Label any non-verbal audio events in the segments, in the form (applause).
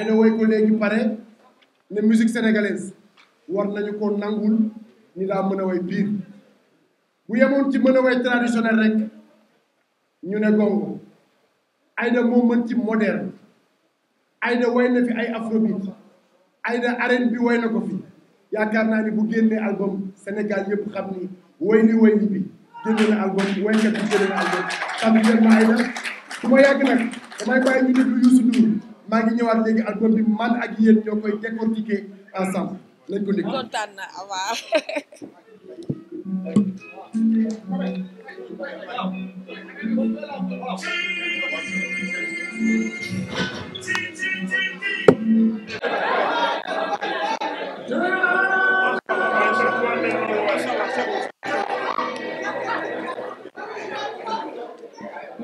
ay na woy ko léegi pare ne musique sénégalaise war nañu ko nangul ni laa mën a woy biir bu yemoon ci mën a woy traditionnel rek ñu ne gongo Aïda moo mën ci moderne Aïda woy na fi ay afrobeat Aïda arène bi woy na ko fi yaakaar naa ni bu génnee album Sénégal yëpp xam ni woy li woy li bi génne album woykat bi génne na album xam ngeen ma Aïda su ma yàgg nag damay bàyyi ñu maa ngi ñëwaat léegi album bi man ak yéen ñoo koy décortiquer ensemble nañ ko dégg. kontaan na waaw.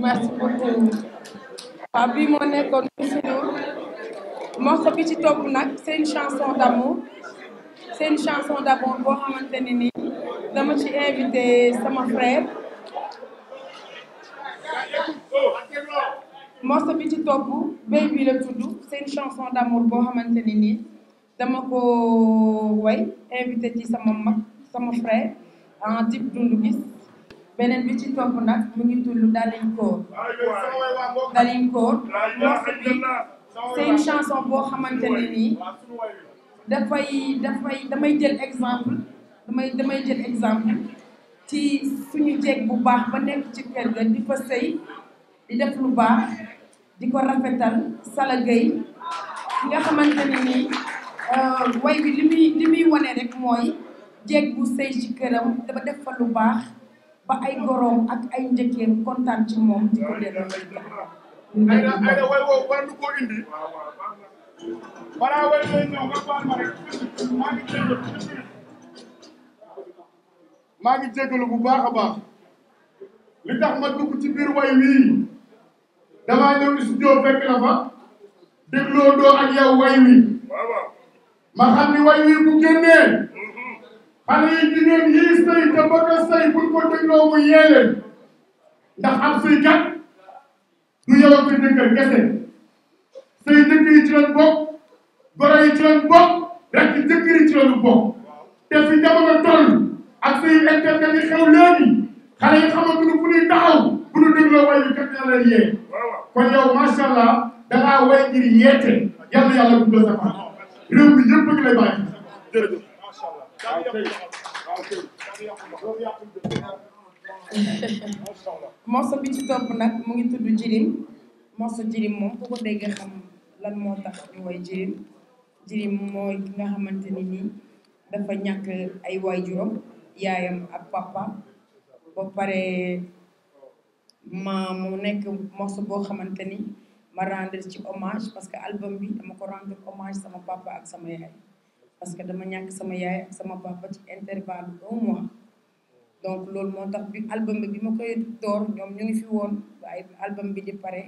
merci beaucoup Pape bi moo nekkoon morceau bi ci topp nag c'est une chanson d'amour c'est une chanson d'amour boo xamante ne ni dama ci invité sama frère morceau bi ci topp Baby la tudd c'est une chanson d'amour boo xamante ne ni dama ko way invité ci sama mag sama frère en Dip Doundou Guiss beneen bi ci topp nag mu ngi tudd Dalin Koor Dalin bi c'est une chanson boo xamante ne nii dafay dafay damay jël exemple damay damay jël exemple ci suñu jeeg bu baax ba nekk ci kër ga di fa sëy di def lu baax di ko rafetal Salla ki nga xamante ne nii euh, way bi li muy li muy wane rek mooy jeeg bu sëy ci këram dafa def fa lu baax ba ay goroom ak ay njëkkeen kontaan ci moom di ko delloo ay maa ngi jégalu maa bu baax a baax li tax ma dugg ci biir way wii damaa ñëw studio fekk la fa dégloo doo ak yow wi ma xam ni way wi bu génnee xale mm-hmm. yi jigéen yii sëy te bëgg a sëy ko dégloo mu yee ndax am suy du yow ak sa kese say jëkkër yi ci lañ bokk goro yi ci lañ bokk rek ci yi ci lañu bokk te fi jamono toll ak say internet yi xew xale yi xamatuñu fu ñuy taxaw bu ñu dégloo way bi kat yàlla yee kon yow macha allah da ngaa way ngir yeete yàlla yàlla bu sa fan réew mi yëpp ngi lay bàyyi jërëjëf (laughs) morceau bi ci topp nag mu ngi tudd jirim morceau jirim moom ku ko dégg xam lan moo tax ñu woy jirim jirim mooy nga xamante ni nii dafa ñàkk ay waajuram yaayam ak papa ba pare ma mu nekk morceau boo xamante ni ma rendre ci hommage parce que album bi dama ko rendre hommage sama papa ak sama yaay parce que dama ñàkk sama yaay sama papa ci intervalle un donc loolu moo tax bi album bi ma koy door ñoom ñu ngi fi woon waaye album bi di pare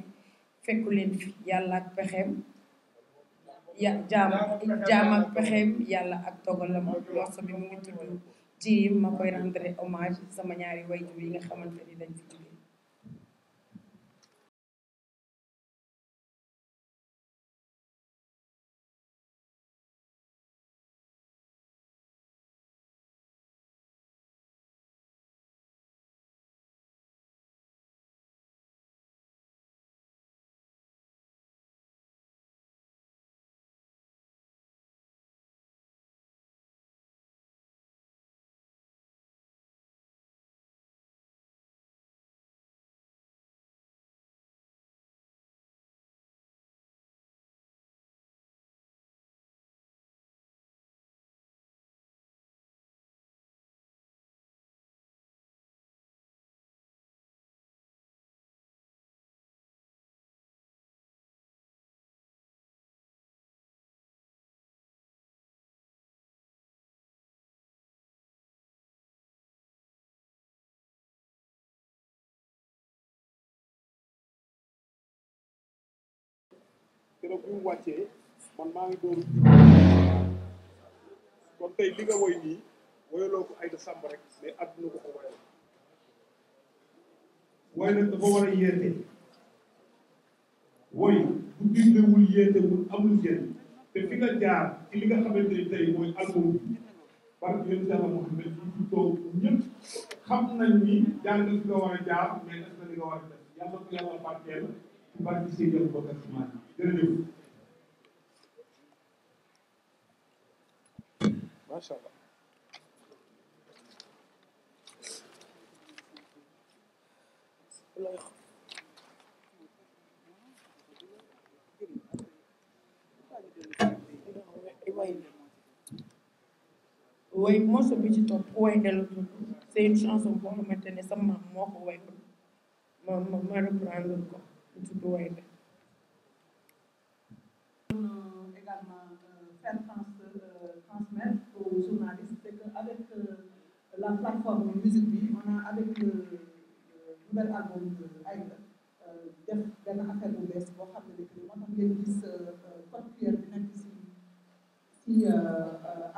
fekku leen fi yàlla ak pexeem ya jaam jaam ak pexeem yàlla ak dogalam morceau bi mu ngi tudd jirim ma koy rendre hommage sama ñaari wayjur yi nga xamante ni dañ fi keroog bu ñu wàccee man maa ngi dooru kon tey li nga woy nii woyaloo ko ay da sàmb rek mais àdduna ko ko woyal woy nag dafa war a yeete woy bu diglewul yeetewul amul njëriñ te fi nga jaar ci li nga xamante ni tey mooy album bi parce que yéen yàlla Mouhamed nga war a jaar mais def li nga war a def yàlla ko yàlla barkeel xibaar bi seen yoon bokk ak xibaar bi jërëjëf. bi ci topp way ndel c'est une chanson moo ko way ma ma reprendre ko. jubluwaay euh, également euh, faire euh, transmettre aux journalistes c'est qu'avec la plateforme musique bi on a avec le nouvel album Aïda def benn affaire bu bees boo xam ne moo tax ngeen gis code QR bi nekk si si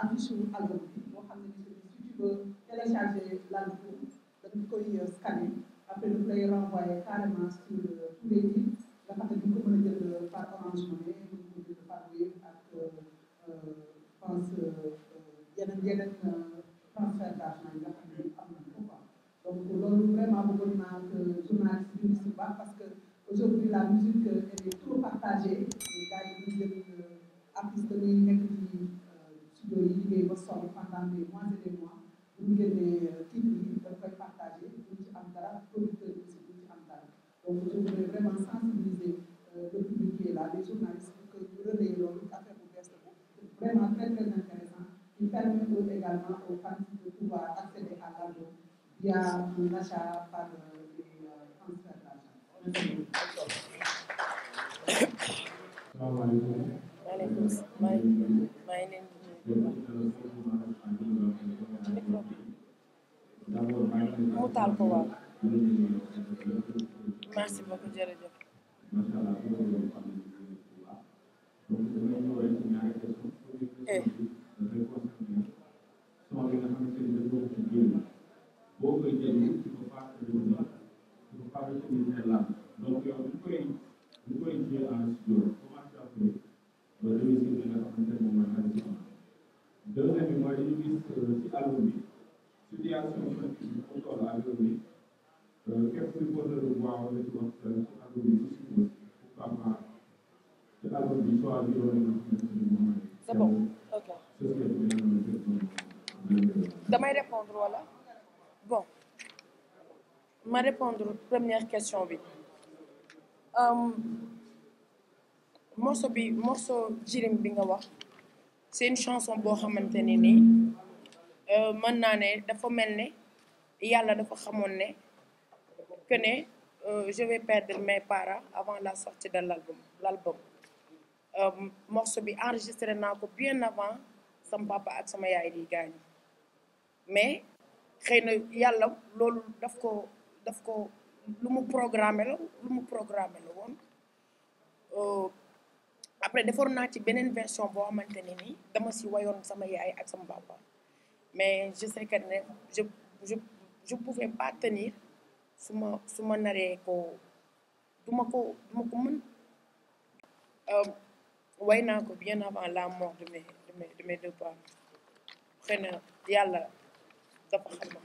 affiche album bi boo xam ne si tu veux télécharger l'album dañ koy scanner après ñu lay renvoyer carrément sur euh, tous les types nga xam ne du ko mën a jël par Orange Money du ko mën a jël par Wave ak euh, pense yeneen euh, yeneen transfert d'argent yi nga xam ne am nañ ko quoi donc loolu vraiment bëggoon naa que journaliste bi si baax parce que aujourd'hui la musique elle est trop partagée gars yi ñu jël artiste dañuy nekk ci c'est bon ok damay répondre wala bon ma répondre première question bi morceau bi morceau jirim bi nga wax seen chanson boo xamante ne nii euh, mën naa ne dafa mel ne yàlla dafa xamoon ne que ne euh, je vais perdre mes parents avant la sortie de l'album l'album Euh, morceau bi enregistré naa ko bien avant sama papa ak sama yaay di gaañu mais xëy na yàlla loolu daf ko daf ko lu mu programme la lu mu programmé la woon euh, après defoon naa ci beneen version boo xamante ne nii dama si wayoon sama yaay ak sama papa mais je sais que ne je je je su ma suma ma naree ko du ko du ko mën euh, way naa ko bien avant la mort de mes de mes de yàlla dafa xam ma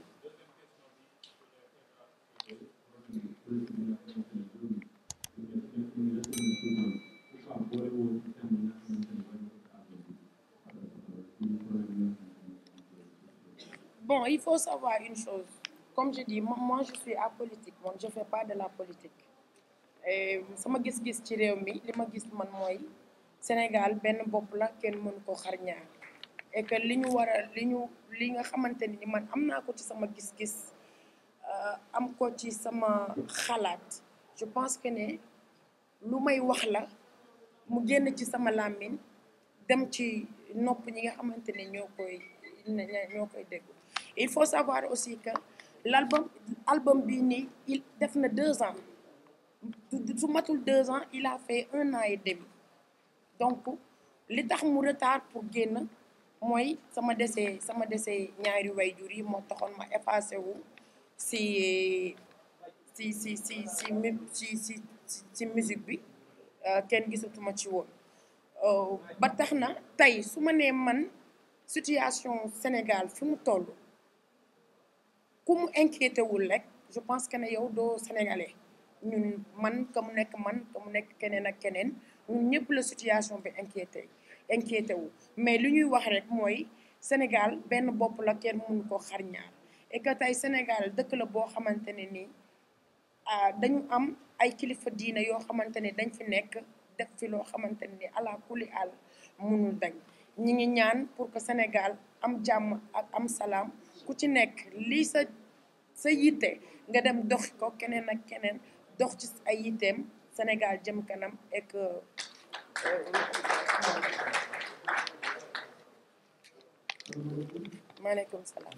bon il faut savoir une chose comme je dis moi je suis apolitique man je fais pas de la politique sama gis-gis ci réew mi li ma gis man mooy Sénégal benn bopp la kenn mënu koo xar ñaar li ñu war a li ñu li nga xamante ni man am naa ko ci sama gis-gis euh, am ko ci sama xalaat je pense que ne lu may wax la mu génn ci sama làmmiñ dem ci nopp ñi nga xamante ne ñoo koy ñoo koy dégg il faut savoir aussi que l'album album bii nii def na deux ans su matul deux ans il a fait un an et demi donc li tax mu retard pour génn mooy sama dese sama dese ñaari wayjur yi moo taxoon ma effacé wu si si si si si si si si musique bi euh, kenn gisatuma ci woon euh, ba tax na tey su ma nee man situation Sénégal fi mu toll ku mu inquiété wul rek je pense que ne yow doo sénégalais ñu man ka mu nekk man ka mu nekk keneen ak keneen ñun ñëpp la situation bi inquiété inquiété mais li ñuy wax rek mooy Sénégal benn bopp la kenn mënu ko xar ñaar et que tey Sénégal dëkk la boo xamante ne nii ah, dañu am ay kilifa diina yoo xamante ne dañ fi nekk def fi loo xamante ni ala àll mënul dañ ñi ngi ñaan pour que Sénégal am jàmm ak am salaam ku ci nekk lii sa sa yitte nga dem dox ko keneen ak keneen dox ci ay yitteem Sénégal jëm kanam et que euh, euh, maaleykum salaam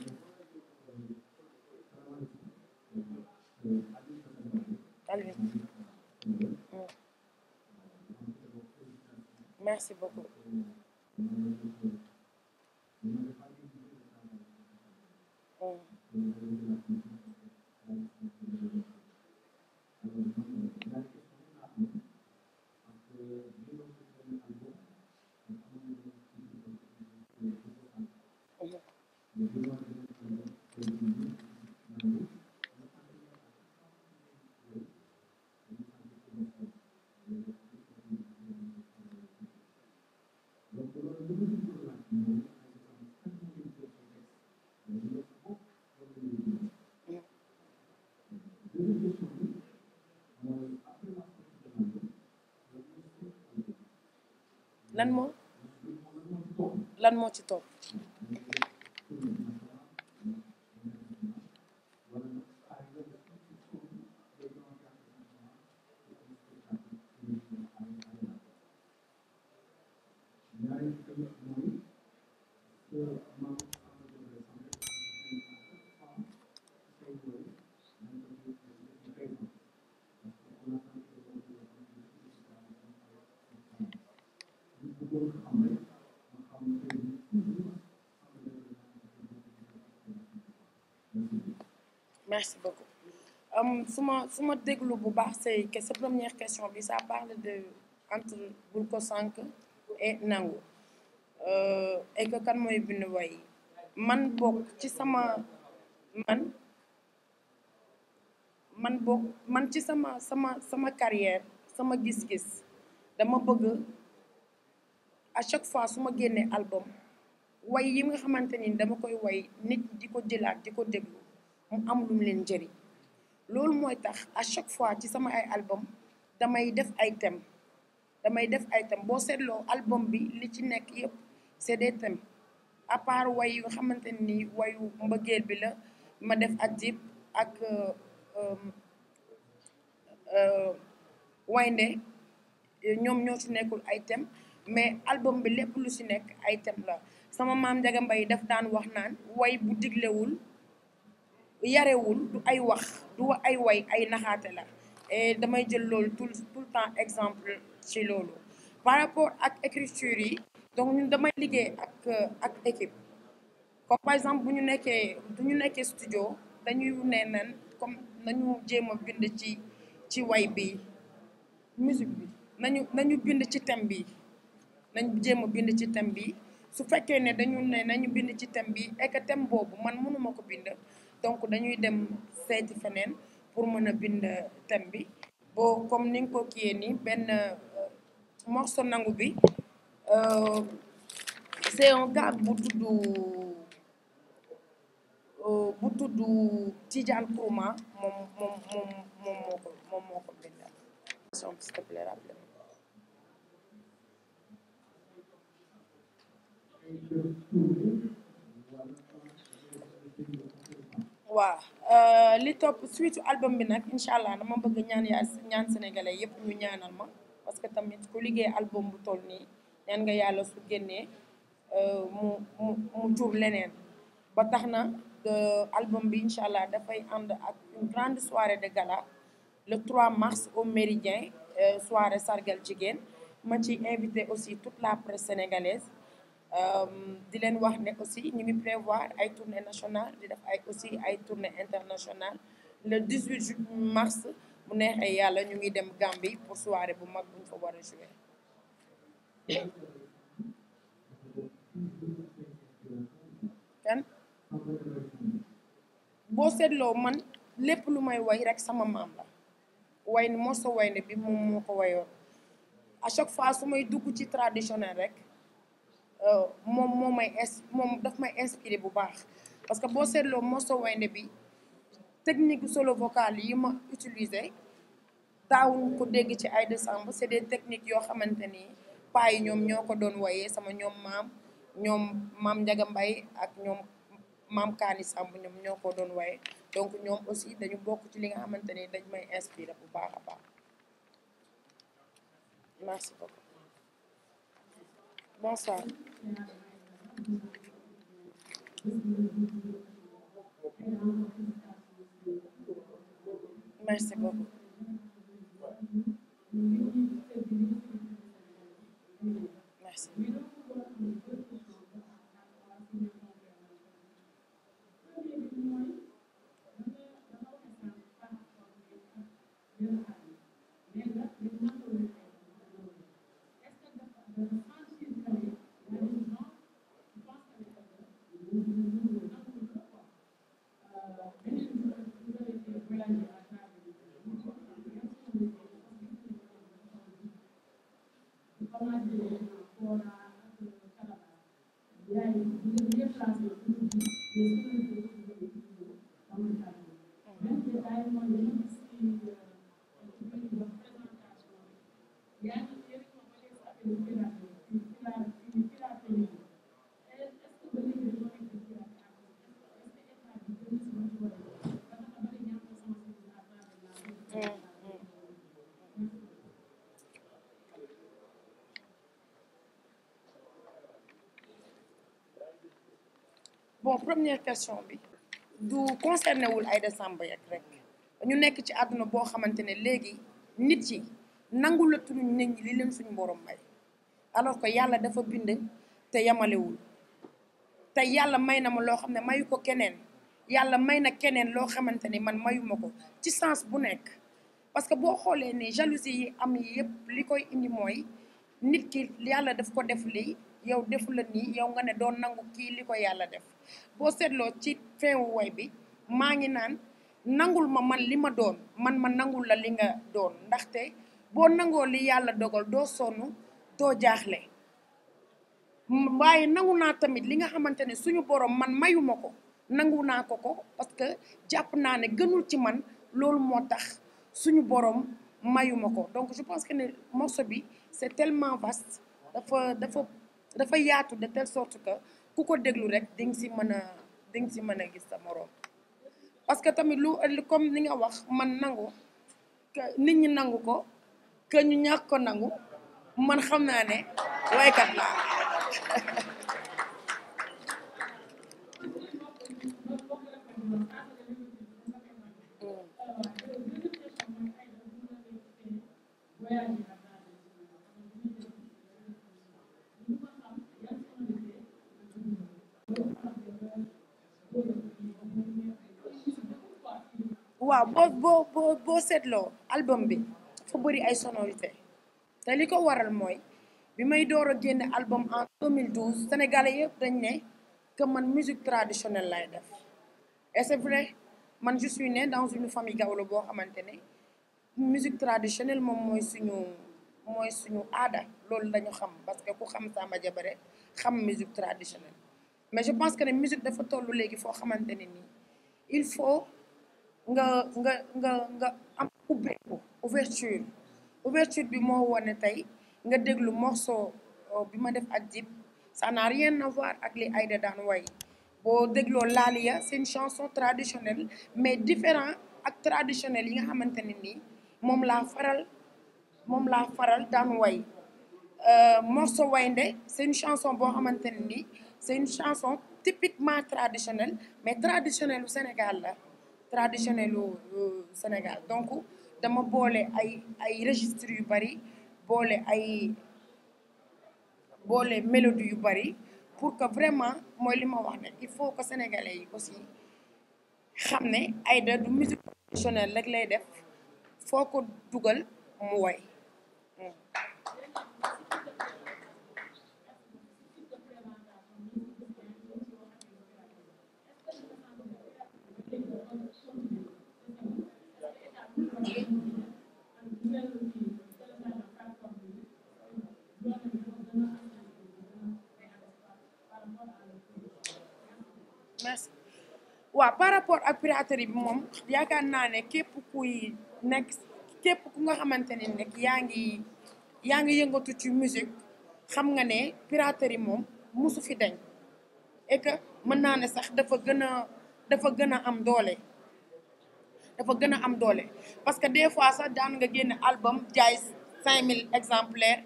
merci beaucoup lan moo lan moo ci topp merci beaucoup su ma su déglu bu baax say que sa première question bi ça parle de entre bul ko sànq et nangu euh, et que kan mooy bind way man bokk ci sama man man bokk man ci sama sama sama carrière sama gis-gis dama bëgg à chaque fois su ma génnee album way yi nga xamante ni dama koy way nit di ko jëlaat di ko déglu mu am lu leen jëriñ loolu mooy tax a chaque fois ci sama ay album damay def ay thèmes damay def ay thèmes boo seetloo album bi li ci nekk yëpp c'est des thèmes à part way yu nga xamante ni wayu mbëggeel bi la ma def ak Dip ak euh, euh, euh, Waynde ñoom ñoo ci nekkul ay thèmes mais album bi lépp lu ci nekk ay thèmes la sama maam Ndiaga mbay daf daan wax naan way bu diglewul yarewul du ay wax du ay way ay naxaate la et damay jël loolu tout tout temps exemple ci loolu par rapport ak écriture yi donc ñu damay liggéey ak ak équipe comme par exemple bu ñu nekkee bu ñu nekkee studio dañuy ne comme nañu jéem a bind ci ci way bi musique bi nañu nañu bind ci thème bi nañu jéem a bind ci thème bi su fekkee ne dañu ne nañu bind ci thème bi et que boobu man mënuma ko bind donc dañuy dem seeti feneen pour mën a bind thème bi boo comme ni nga ko kiyee nii benn euh, morceau nangu bi euh, c'est un bu tudd euh, bu tudd Tidiane Kourouma moom moom moom moom moo ko moom moo ko bindal s'il te plaît rappelez-moi Thank you. waaw euh, li topp suite album bi nag incha allah dama bëgg ñaan yaa ñaan sénégalais yëpp ñu ñaanal ma parce que tamit ku liggéey album bu toll nii ñaan nga yàlla su génnee euh, mu mu mu jur leneen ba tax na euh, album bi incha allah dafay ànd ak une grande soirée de gala le 3 mars au Méridien soirée sargal jigéen ma ci invité aussi toute la presse sénégalaise Euh, di leen wax ne aussi ñu ngi prévoir ay tournée nationale di def ay aussi ay tournée internationale le 18 ju mars bu neexee yàlla ñu ngi dem Gambie pour soirée bu mag buñ fa war a jouer kan boo seetloo man lépp lu may way rek sama maam la way ni moo sa way bi moom moo ko wayoon à chaque fois su may dugg ci traditionnel rek Euh, moom moo may ins moom daf may inspiré bu baax parce que boo seetloo Mosso Wayndé bi technique solo vocal yi ma utiliser daawuñ ko dégg ci Aïda Samb c'est des techniques yoo xamante ni paa yi ñoom ñoo ko doon woyee sama ñoom maam ñoom maam Ndiaga Mbaye ak ñoom maam Kaani Samb ñoom ñoo ko doon waye donc ñoom aussi dañu bokk ci li nga xamante ni dañ may inspiré bu baax a baax merci Bonsoir. Merci beaucoup. Merci. Thank you. bon première question bi du concerné wul Aïda Samb rek ñu nekk ci àdduna boo xamante ne léegi nit yi nangu la tudd nit ñi li leen suñu borom may alors ko yàlla dafa bind te yamalewul te yàlla may na ma loo xam ne mayu ko keneen yàlla may na keneen loo xamante ni man mayu ma ko ci sens bu nekk parce que boo xoolee ni jalousie yi am yi yëpp li koy indi mooy nit ki yàlla daf ko def lii yow defu la nii yow nga ne doon nangu kii li ko yàlla def boo seetloo ci fin woy bi maa ngi naan nangul ma man li ma doon man ma nangul la li nga doon ndaxte boo nangoo li yàlla dogal doo sonn doo jaaxle waaye nangu naa tamit li nga xamante ne suñu borom man mayuma ko nangu naa ko ko parce que jàpp naa ne gënul ci man loolu moo tax suñu boroom mayuma ko donc je pense que ne morceau bi c'est tellement vaste dafa dafa dafa yaatu de telle sorte que ku ko déglu rek di nga si mën a di nga si mën a gis sa moroom parce que tamit lu comme ni nga wax man nangu nit ñi nangu ko que ñu ñàkk ko nangu man xam naa ne waykat laa (laughs) mm. waaw boo boo boo boo seetloo album bi dafa bëri ay sonorité te li ko waral mooy bi may door a génne album en 2012 sénégalais yëpp dañ ne que man musique traditionnelle lay def et c'est man je suis né dans une famille gawlo boo xamante ne musique traditionnelle moom mooy suñu mooy suñu aada loolu lañu xam parce que ku xam Samba Diabaré xam musique traditionnelle mais je pense que ne musique dafa toll léegi foo xamante ne nii il faut nga nga nga nga am ubbeeku ouverture ouverture bi moo wone tey nga déglu morceau euh, bi ma def ak Dip ça n'a rien à ak li Aïda daan way boo dégloo Laalia c'est une chanson traditionnelle mais différent ak traditionnel yi nga xamante ne nii moom laa faral moom laa faral daan way euh, morceau waynde c'est une chanson boo xamante ne nii c'est une chanson typiquement traditionnelle mais traditionnelle u Sénégal la traditionnel lu Sénégal donc dama boole ay ay registre yu bari boole ay boole mélodie yu bari pour que vraiment mooy li ma wax ne il faut que sénégalais yi aussi xam ne Aida du musique traditionnelle rek lay def foo ko dugal mu woy merci par rapport ak piraterie bi moom yaakaar naa ne képp kuy nekk képp ku nga xamante ne nekk yaa ngi yaa ngi yëngatu ci musique xam nga ne piraterie moom musu fi dañ et mën naa ne sax dafa gën a dafa gën a am doole dafa gën a am doole parce que des fois sax daan nga génn album jaay cinq mille exemplaires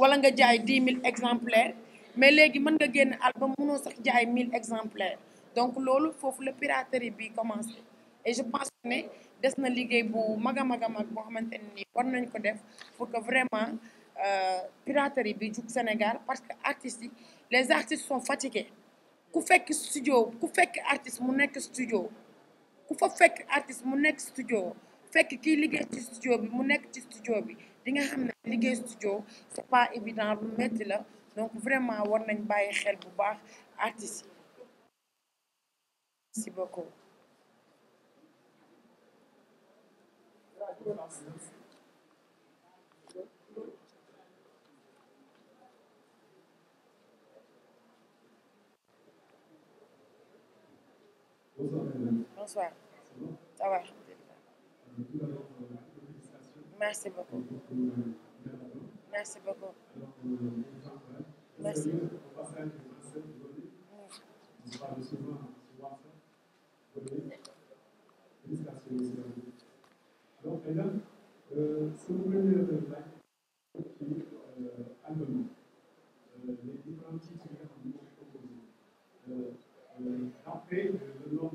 wala nga jaay dix mille exemplaires mais léegi mën nga génn album mënoo sax jaay mille exemplaires donc loolu foofu la piraterie bi commencé et je pense ne des na liggéey bu mag a mag a mag boo xamante ne nii war nañ ko def pour que vraiment euh, piraterie bi jug Sénégal parce que artistes les artistes sont fatigués ku fekk studio ku fekk artiste mu nekk studio ku fa fekk artiste mu nekk studio fekk kiy liggéey ci studio bi mu nekk ci studio bi di nga xam ne liggéey studio c'est pas évident lu metti la donc vraiment war nañ bàyyi xel bu baax artiste yi bonsoir. Ça va. Merci beaucoup. Merci beaucoup. Merci. les différents titres qui sont proposés. Après, le nombre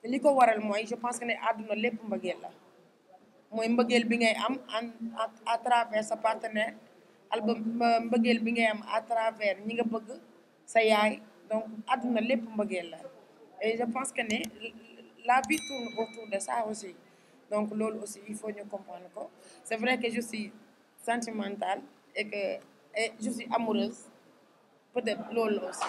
te li ko waral mooy je pense que ne àdduna lépp mbëggeel la mooy mbëggeel bi ngay am en à travers sa partenaire album mbëggeel bi ngay am à travers ñi nga bëgg sa yaay donc àdduna lépp mbëggeel la et je pense que ne la vie tourne autour de ça aussi donc loolu aussi il faut ñu comprendre ko c'est vrai que je suis e et que et je amoureuse peut-être loolu aussi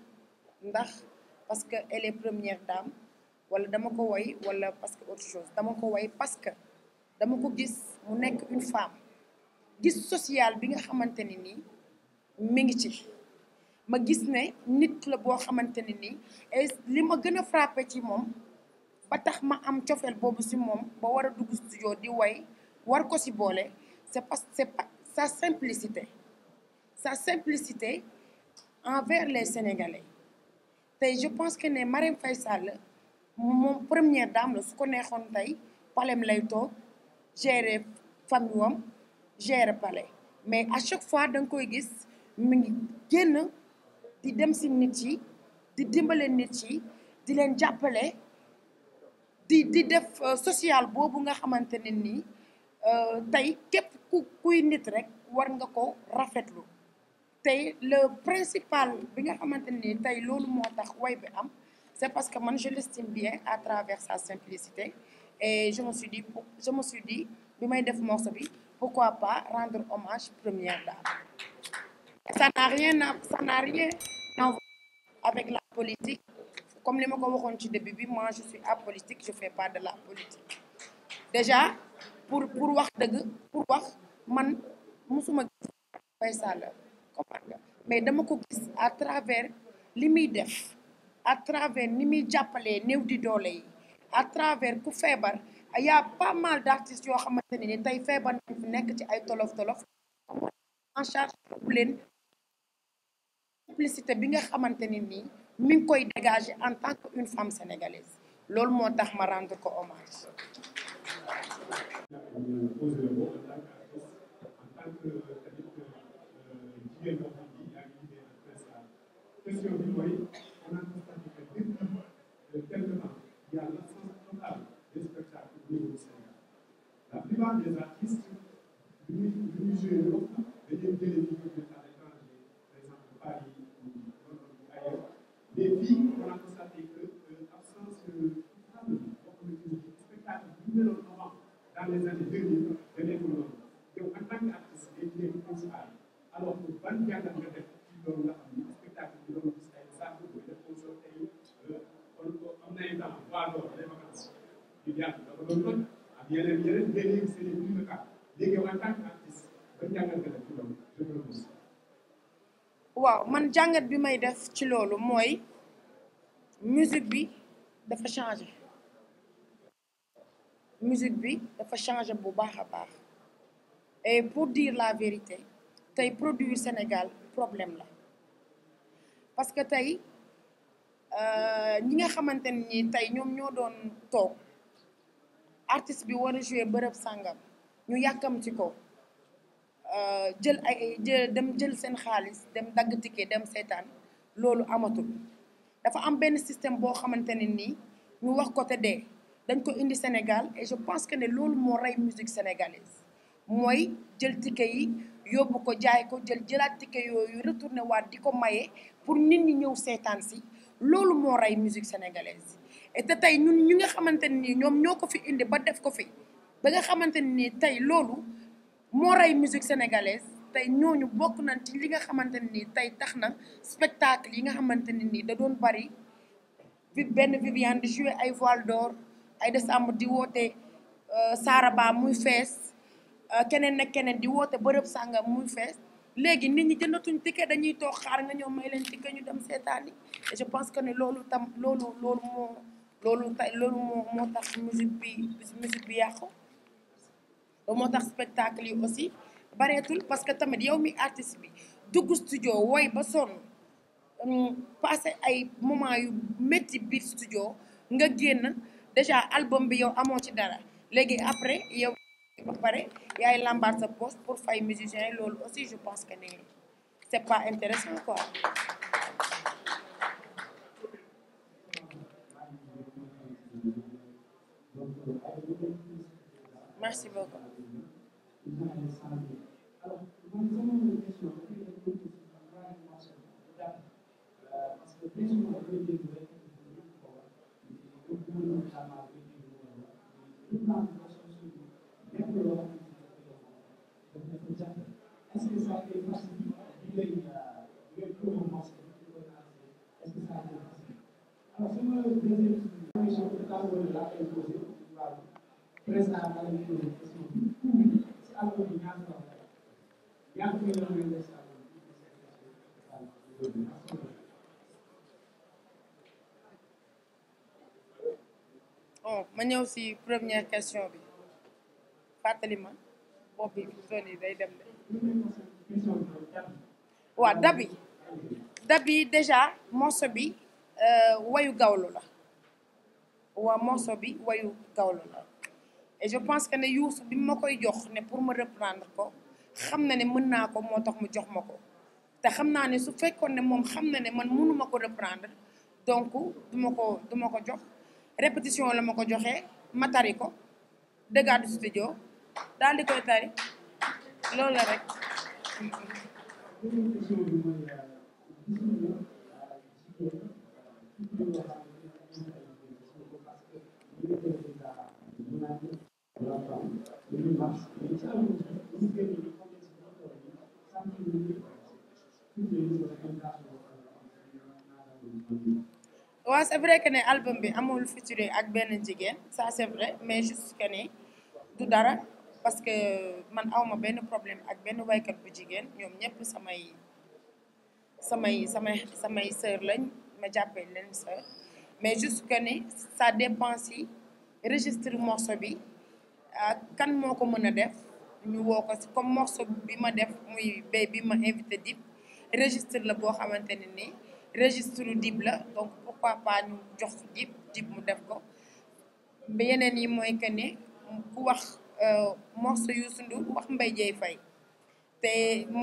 ndax parce que elle est première dame wala dama ko woy wala parce que autre chose dama ko woy parce que dama ko gis mu nekk une femme gis sociale bi nga xamante ni nii mi ngi ci ma gis ne nit la boo xamante ne nii et li ma gën a frappé ci moom ba tax ma am cofeel boobu si moom ba war a dugg studio di woy war ko si boole c'est parce que c'est pas sa simplicité sa simplicité envers les Sénégalais tey je pense que ne Marème Faye Sall moom première dame la su ko neexoon tey palem lay toog gérer famille am gérer palais mais à chaque fois danga koy gis mu ngi génn di dem si nit yi di dimbale nit yi di leen jàppale di di def euh, sociale boobu nga xamante ne nii euh, tey képp ku kuy nit rek war nga ko rafetlu tey le principal bi nga xamante ni tey loolu moo tax woy bi am c'est parce que man je l'estime bien à travers sa simplicité et je me suis dit pour bi may def morceau bi pourquoi pas rendre hommage première dame ça n'a rien à ça n'a rien avec la politique comme li ma ko waxoon ci début bi moi je suis apolitique je fais pas de la politique déjà pour pour wax dëgg pour wax man musuma gis Faye Sall comprendre mais dama ko gis à travers li muy def à travers ni muy jàppalee néew di doole yi à travers ku feebar y a pas mal d' yoo xamante ne ni tey feebar nañ fi nekk ci ay tolof tolof en charge bu leen complicité bi nga xamante ne nii mi ngi koy dégager en tant que une femme sénégalaise loolu moo tax ma rendre ko hommage euh, jigéen ñoo xam ni yaa ngi liggéey ak président question bi mooy on a constaté que depuis quelque temps il y a l'absence totale des spectacles au niveau du Sénégal la plupart des artistes lu ñuy lu ñuy joué loolu dañuy jëlee ñu jóge à l'étranger par exemple Paris ou Londres ou ailleurs mais fii on a constaté que absence totale boo xam ne spectacle bi ñu meloon avant dans les années 2000 da nekk loolu yow en tant qu'artiste day jëlee alors ban ay sànq bu waaw man jàngat bi may def ci loolu mooy musique bi dafa changé musique bi dafa changé bu baax a baax et pour dire la vérité. produit produire Sénégal problème la parce que tey euh, ñi nga xamante ne nii tey ñoom ñoo doon toog artiste bi war a jouer bërëb sàngam ñu yàkkam ci ko euh, jël ay jël dem jël seen xaalis dem dagg ticket dem seetaan loolu amatul dafa am benn système boo xamante ne nii ñu wax ko te dee dañ ko indi Sénégal et je pense que ne loolu moo rey musique sénégalaise mooy jël ticket yi. yóbbu ko jaay ko jël jëlaat ticket yooyu retourné waat di ko maye pour nit ñi ñëw seetaan si loolu moo rey musique sénégalaise et tey ñun ñi nga xamante ni ñoom ñoo ko fi indi ba def ko fi ba xamante ni tey loolu moo rey musique sénégalaise tey ñooñu bokk nañ ci li nga xamante nii tey tax na spectacle yi nga xamante ne nii da doon bari benn Viviane di ay voile d'or ay des décembre di woote euh, Saraba muy fees. Euh, keneen nag keneen di woote bërëb sàngam muy fees léegi nit ñi natuñ ticket dañuy toog xaar nga ñëw may leen ticket ñu dem seetaani je pense que ne loolu tam loolu loolu moo loolu loolu moo tax musique bi musique bi yàqu moo tax spectacle yi aussi bareetul parce que tamit yow mi artiste bi dugg studio woy ba sonn passé ay moment yu métti biir studio nga génn déjà album bi yow amoo ci dara léegi après yow ba pare yaay lambaat sa poste pour fay musicien yi loolu aussi je pense que ne c'est pas intéressant quoi bon oh, ma ñëw ci première question bi fàttali ma bopp bi zone yi day dem de waaw dab yi dab yi déjà euh, morceau bi wayu gawlo la waa morceau bi wayu gawlu la et je pense que ne Youssou bi ma koy jox ne pour ma reprendre ko xam na ne mën naa ko moo tax mu jox ma ko te xam naa ne su fekkoon ne moom xam na ne man mënuma ko reprendre donc duma ko du ko jox répétition la ma ko joxee ma tari ko dëggaadu studio daal di koy tari loolu la rek waaw c'est vrai que ne album bi amul featuring ak benn jigéen ça c'est mais juste que du dara parce que man awma benn problème ak benn waykat bu jigéen ñoom ñëpp samay samay samay samay sœur lañ ma jàppee leen sœur mais juste que ne ça dépend si registre morceau bi ah, kan moo ko mën a def ñu woo ko si comme morceau bi ma def muy bay bi ma invité dib registre la boo xamante ne ni registre dib la donc pourquoi pas ñu jox dib dib mu def ko yeneen yi mooy que ku wax Euh, morceau Youssou Ndour wax Mbaye jeey fay te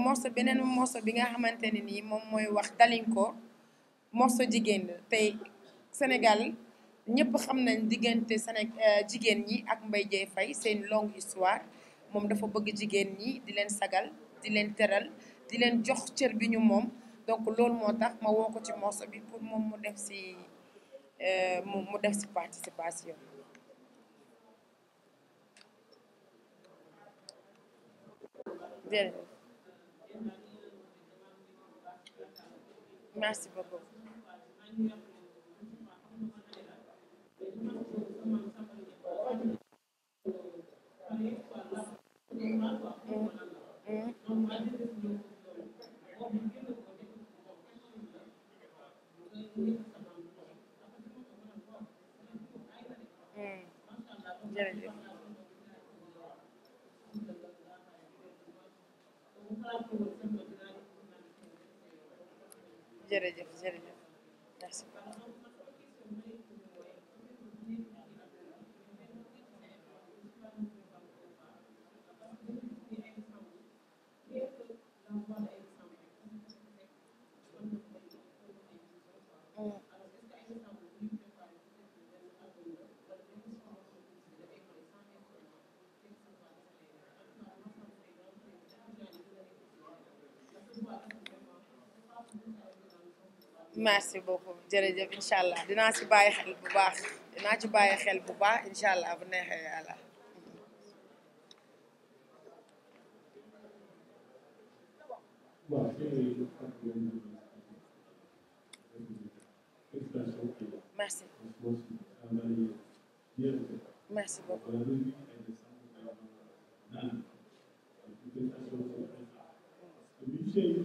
morceau beneen morceau bi nga xamante ni nii moom mooy wax Dalinko morceau jigéen la tey Sénégal ñëpp xam nañ diggante Séné euh, jigéen ñi ak Mbaye jeey fay seen longue histoire moom dafa bëgg jigéen ñi di leen sagal di leen tëral di leen jox cër bi ñu moom donc loolu moo tax ma woo ko ci morceau bi pour moom mu def si euh, mu def si participation jërëjëf merci beaucoup. jërëjëf jërëjëf jërëjëf merci beaucoup jërëjëf incha allah dinaa ci bàyyi xel bu baax dinaa ci bàyyi xel bu baax incha allah bu neexee yàlla. merci.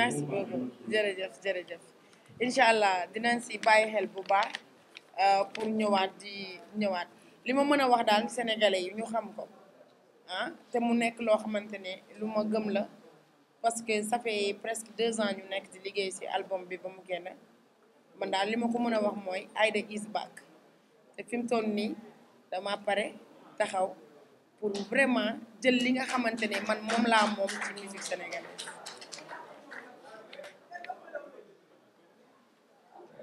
merci beaucoup jërëjëf jërëjëf incha allah dinañ si bàyyi xel bu baax euh, pour ñëwaat di ñëwaat li ma mën a wax daal sénégalais yi ñu xam ko ah te mu nekk loo xamante ne lu ma gëm la parce que ça fait presque deux ans ñu nekk di liggéey si album bi ba mu génn man daal li ma ko mën a wax mooy Aida is back te fi mu nii dama pare taxaw pour vraiment jël li nga xamante ne man moom laa moom ci musique sénégalaise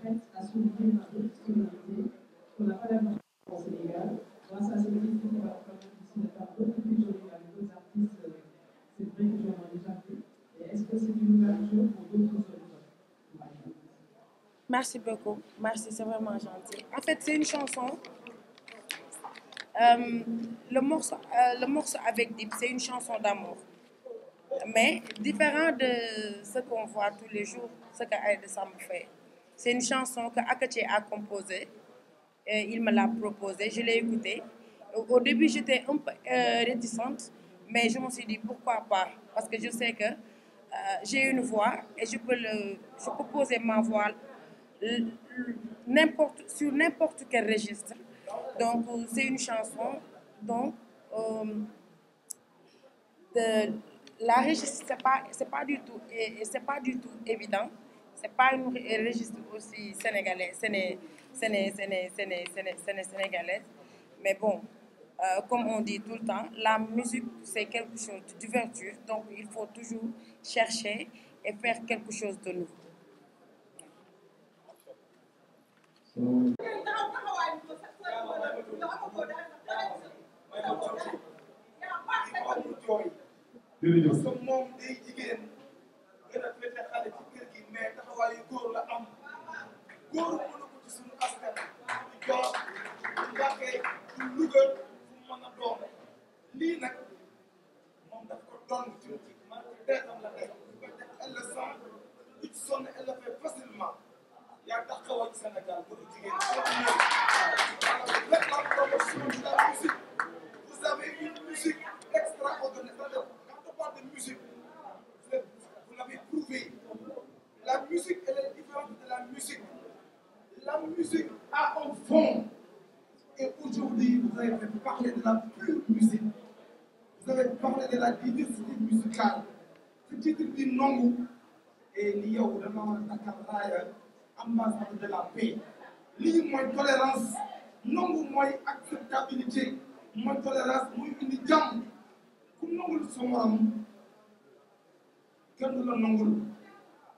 prête à souligner ma haute scolarité qu'on n'a pas l'habitude au Sénégal. Grâce à ce titre, on va permettre aussi de faire beaucoup plus joli avec d'autres artistes. Euh, c'est vrai que j'en ai déjà fait. Et est-ce que c'est une ouverture pour d'autres jeunes Merci beaucoup. Merci, c'est vraiment gentil. En fait, c'est une chanson. Euh, le morceau, euh, le morceau avec Dip, c'est une chanson d'amour. Mais différent de ce qu'on voit tous les jours, ce qu'Aïda Sam fait. C'est une chanson que Akache a composée. Et il me l'a proposée, je l'ai écoutée. Au début, j'étais un peu euh, réticente, mais je me suis dit pourquoi pas, parce que je sais que euh, j'ai une voix et je peux, le, je peux poser ma voix n'importe, sur n'importe quel registre. Donc, euh, c'est une chanson donc, euh, de, la registre, ce n'est pas, c'est pas, du tout, et, et c'est pas du tout évident. c'est pas une registre aussi sénégalais, séné, séné, séné, séné, sénégalaise. Mais bon, euh, comme on dit tout le temps, la musique, c'est quelque chose de d'ouverture. Donc, il faut toujours chercher et faire quelque chose de nouveau. Sénégal yi góor la am góor mën a ko ci suñu askan du Joor du Mbàkke du Luga fu mën a doon lii nag moom daf ko doon ci man ci deetam la tey ba def elle sant du ci sonn elle fait facilement yaa tax xaw ci Sénégal góor jigéen rek la promotion de la musique vous avez une musique extraordinaire quand on parle de musique La musique, elle est différente de la musique. La musique a un fond. aujourd'hui, vous avez parlé de la pure musique. Vous avez parlé de la diversité musicale. Ce titre bi nangu et ni yow dama takalaaya ambassadeur de la paix. lii mooy tolérance nangu mooy acceptabilité mooy tolérance muy indi jàmm ku nangul sa morom la nangul.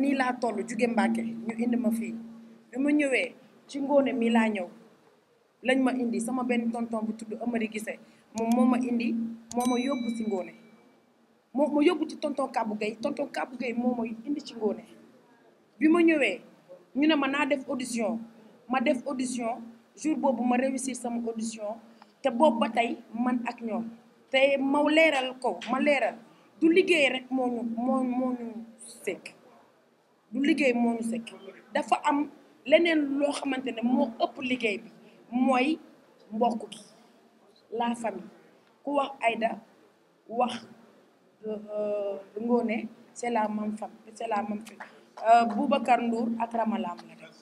nii laa toll jóge Mbàkke ñu indi ma fii bi ma ñëwee ci ngóone mii laa ñëw lañ ma indi sama benn tonton bu tudd Amari Gise moom moo ma indi moo ma ci ngóone moo ma yóbbu ci tonton Kabou Gueye indi ci ngóone bi ma ñëwee ñu ne ma naa def audition ma def audition jour boobu ma réussir sama audition te boobu ba tey man ak ñoom te ma leeral ko ma leeral du liggéey rek moo moo moo ñu sekk du liggéey moo ñu sekk dafa am leneen loo xamante ne moo ëpp liggéey bi mooy mbokk gi la famille ku wax ayda wax euh, Ngoné c'est la même famille c'est la même famille euh, ak Ramalam la def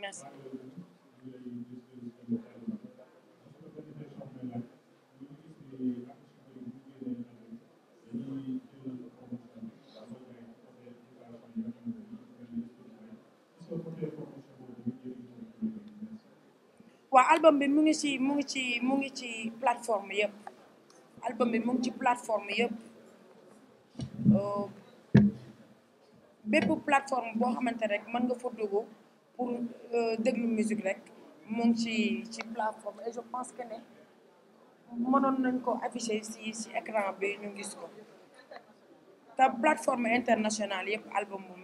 merci waa album bi mu ngi ci mu ngi ci mu ngi ci plateforme yëpp album bi mu ngi ci plateforme yëpp euh, bépp plateforme boo xamante rek mën nga fa go pour euh, déglu musique rek mu ngi ci ci plateforme et je pense que ne mënoon nañ ko afficher ci ci écran bi ñu gis ko te plateforme internationale yëpp album bu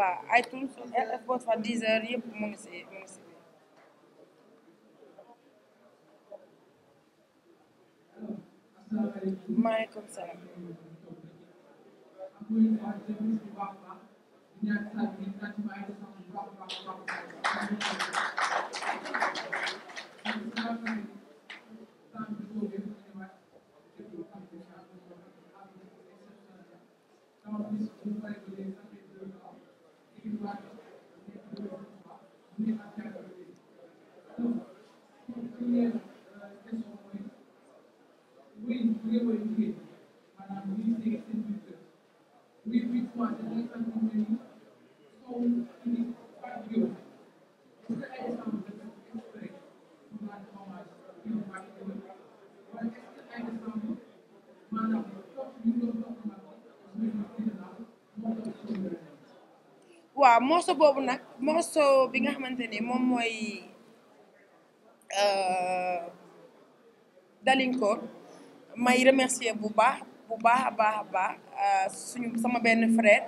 waaw iTunes Spotify Deezer yëpp mu ngi si mu ngi si maaleykum salaam Thank you. waaw morceau boobu nag morceau bi nga xamante ni moom mooy Euh, dalinko may remercier bu baax bu baax a baax a baax euh, suñu sama benn frère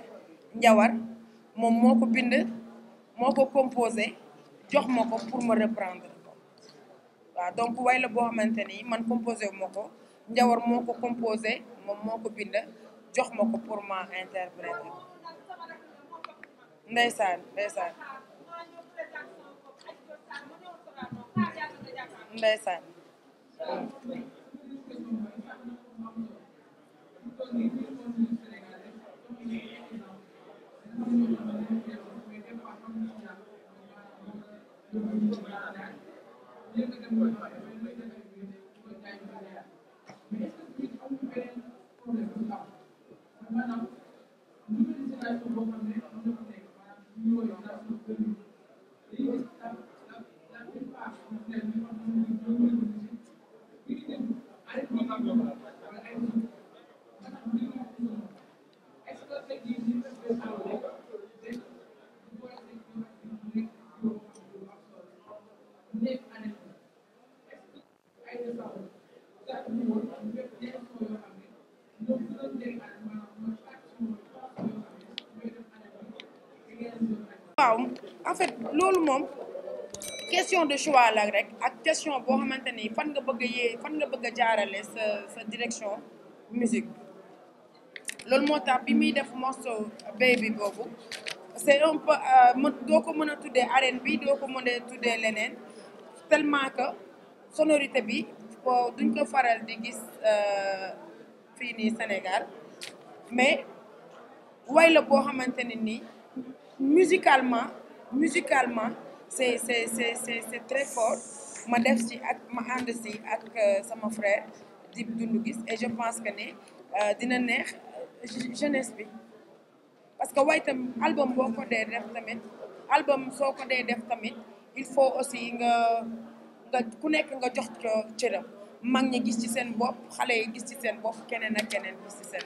Njawar moom moo ko bind moo ko composé jox ma ko pour ma reprendre ko waaw donc way la boo xamante nii man composé wu ma ko Njawar moo ko composé moom moo ko bind jox ma ko pour ma interpréter ndeysaan ndeysaan ndeysaan Thank waaw en fait moom question de choix la rek ak question boo xamante ni fan nga bëgg a fan nga bëgg a jaarale sa direction musique loolu moo tax bi muy def morceau bi boobu c'est un peu euh, doo ko mën a tuddee arène bi doo ko mën a tuddee leneen tellement que sonorité bi duñ ko faral di gis euh, fii nii Sénégal mais way la boo xamante ne nii musicalement musicalement c'est c'est c'est c'est c'est très fort ma def ci ak ma ànd si ak euh, sama frère di dund gis et je pense que ne euh, dina neex euh, jeunesse bi parce que way tam album boo ko dee def tamit soo ko def tamit il faut aussi nga nga ku nekk nga jox ko cëram mag ñi gis ci seen bopp xale yi gis ci seen bopp keneen ak keneen gis ci seen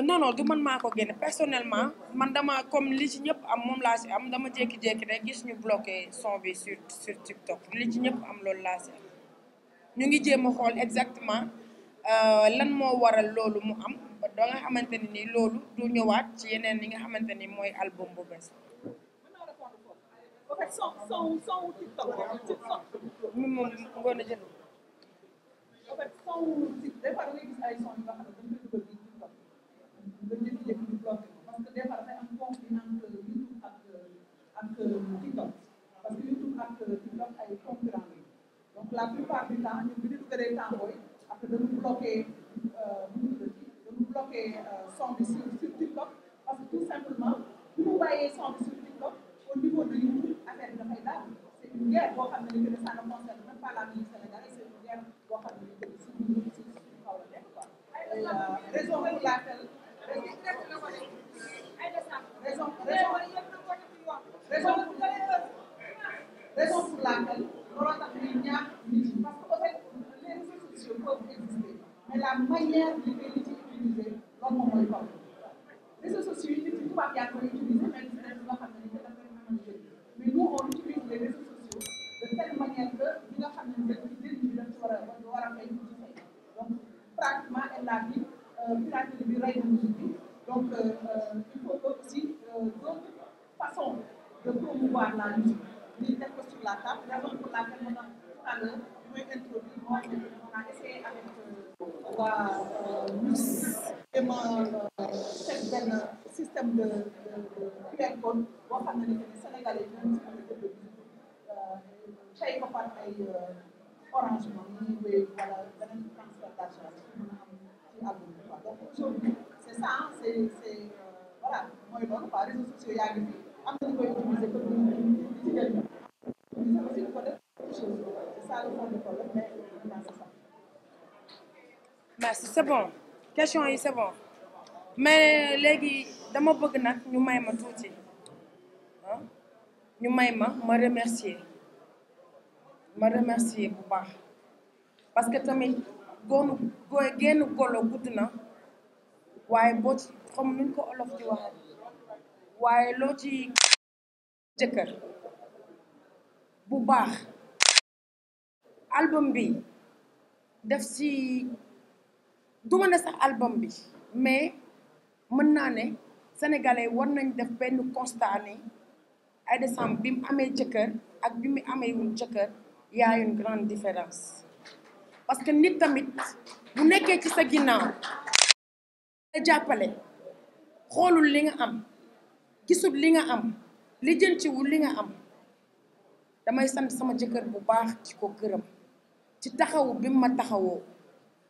Euh, non non du man maa ko génne personnellement man dama comme li ci ñëpp am moom laa si am dama jékki-jékki rek gis ñu bloqué son bi sur sur TikTok li ci ñëpp am loolu laa si ñu ngi jéem a xool exactement euh, lan moo waral loolu mu am ba nga xamante ne ni loolu du ñëwaat ci yeneen li nga xamante ni mooy album bu bees. nga jékki-jékki ñu bloqué ko parce que des fois dafay am conflit entre YouTube ak ak euh, TikTok parce que YouTube ak euh, TikTok ay concurrent lañu donc la plupart du temps ñun bu ñu dugalee temps booy après dañu bloqué euh, dañu bloqué son bi sur sur TikTok parce que tout simplement bu ñu bàyyee son bi sur TikTok au niveau de YouTube affaire bi dafay daal c' est une guerre boo xam ne que ça ne concerne même pas la musique sénégalaise c' est une guerre boo xam ne que suñu suñu xaw a nekk quoi. raison pour laquelle raison pour laquelle looloo tax ñuy ñaax nit ñi parce que peut-être les réseaux sociaux peuvent exister mais la manière li ngay li ci utiliser loolu moom mooy problème réseaux sociaux yi nit ñi tubaab yaa koy utiliser mais gis nañ loo xam ne dañ koy mën a mais nous on utilise les réseaux sociaux de telle manière que ñi nga xam ne njëriñ bi dañ ci war a war a fay donc pratiquement elle a dit piraterie bi rey na musique bi donc il faut que aussi d'autres façons de promouvoir la musique ñu teg ko sur la table raison pour laquelle ma tout à l'heure mooy introduire mooy on a essayé avec waa ñus dema teg benn système de de QR code boo xam ne ne Sénégalais que yaa ngi question yi c'est bon léegi dama bëgg nag ñu may ma tuuti ñu may ma ma remercier ma remercier bu baax parce que tamit góonu góoy génn golo gudd na waaye boo ci xam nuñ ko olof di waxee. waaye loo ci jëkkër bu baax album bi def ci duma ne sax album bi mais mën naa ne sénégalais war nañ def benn constat ni Aïda Samb bi mu amee jëkkër ak bi mu amee wul jëkkër y une grande différence parce que nit tamit bu nekkee ci sa ginnaaw la jàppale xoolul li nga am gisul li nga am li jëntiwul li nga am damay sant sama jëkkër bu baax ci ko gërëm ci taxawu bi ma taxawoo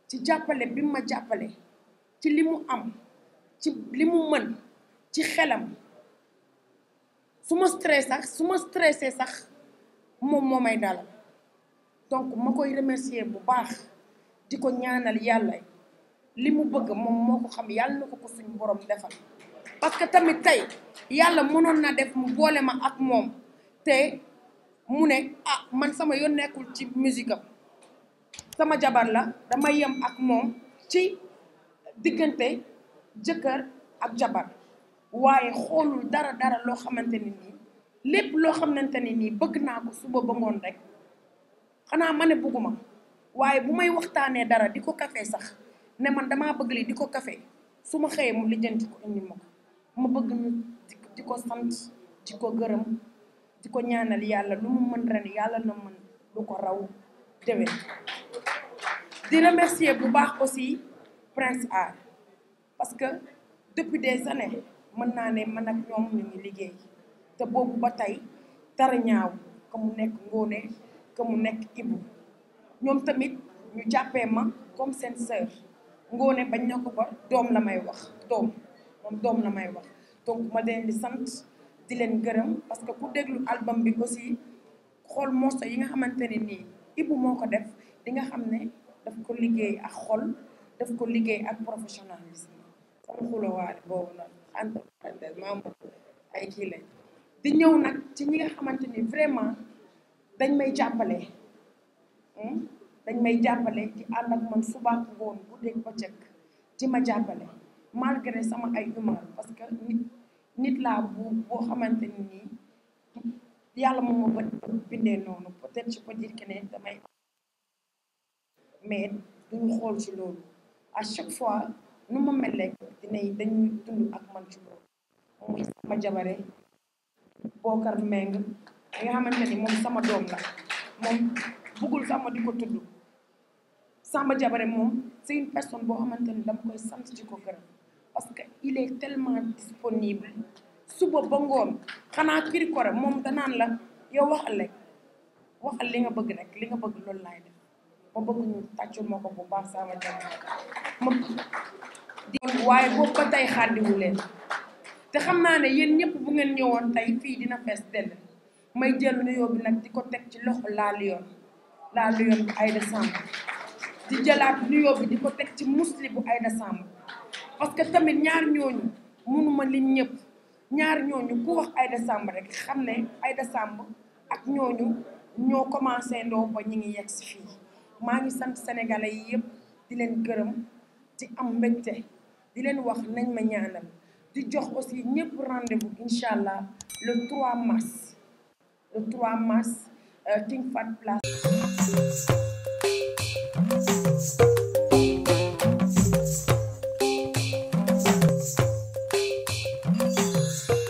ci jàppale bi ma jàppale ci li mu am ci li mu mën ci xelam su ma stress sax su ma stressé sax moom moo may dalal donc ma koy remercier bu baax di ko ñaanal yàlla li mu bëgg moom moo ko xam yàlla na ko ko suñu borom defal parce que tamit tey yàlla mënoon na def mu boole ma ak moom te mu ne ah man sama yoon nekkul ci musique am sama jabar la damay yem ak moom ci diggante jëkkër ak jabar waaye xoolul dara dara loo xamante ni nii lépp loo xamante ni nii bëgg naa ko suba ba ngoon rek xanaa ma ne bëgguma waaye bu may waxtaanee dara di ko kafe sax ne man damaa bëgg li di ko kafe su ma xëyee mu lijjanti ko indi ma ko ma bëgg ñu di ko sant di ko gërëm di ko ñaanal yàlla lu mu mën ren yàlla na mën lu ko raw déwén di remercier bu baax aussi Prince Art parce que depuis des années mën naa ne man ak ñoom ñu ngi liggéey te boobu ba tey dara ñaaw que mu nekk Ngone que mu nekk Ibu ñoom tamit ñu jàppee ma comme seen sœur Ngone bañ na ba doom la may wax doom moom doom la may wax donc ma leen di sant di leen gërëm parce que ku déglu album bi aussi xool morceau yi nga xamante ni nii Ibou moo ko def di nga xam ne daf ko liggéey ak xol daf ko liggéey ak professionnalisme boobu noonu entre parenthèse maam ñëw nag ci ñi nga xamante ni vraiment dañ may jàppale hmm? dañ may jàppale di ànd ak man suba ak ngoon guddeeg bëccëg di ma jàppale malgré sama ay humeur parce que nit laa bu boo xamante ni nii yàlla moom ma bët bindee noonu peut-être je peux dire que ne damay mais duñu xool ci loolu à chaque fois nu ma mel rek dinay dañuy dund ak man ci loolu muy sama jabare bookar meng da nga xamante ni moom sama doom la moom bëggul sax ma di ko tudd sama jabare moom c'est une personne boo xamante ni dama koy sant ci ko gërëm parce que il est tellement disponible suba ba ngoon xanaa Kirikore moom danaan la yow waxal rek waxal li nga bëgg rek li nga bëgg loolu laay def ma bëgg ñu tàccul ma ko bu baax sama jàmm ma di waaye boobu ba tey xàddiwu leen te xam naa ne yéen ñëpp bu ngeen ñëwoon tey fii dina fees dell may jël nuyoo bi nag di ko teg ci loxo laa liyoon laa liyoon bu Aïda Samb di jëlaat nuyoo bi di ko teg ci musli bu Aïda Samb parce que tamit ñaar ñooñu mënuma lim ñëpp ñaar ñooñu ku wax Aïda Samb rek xam ne Aïda Samb ak ñooñu ñoo commencé ndoo ba ñu ngi yegg si fii maa ngi sant sénégalais yi yëpp di leen gërëm di am mbégte di leen wax nañ ma ñaanal di jox aussi ñëpp render vous incha allah le 3 mars le 3 mars euh, King Place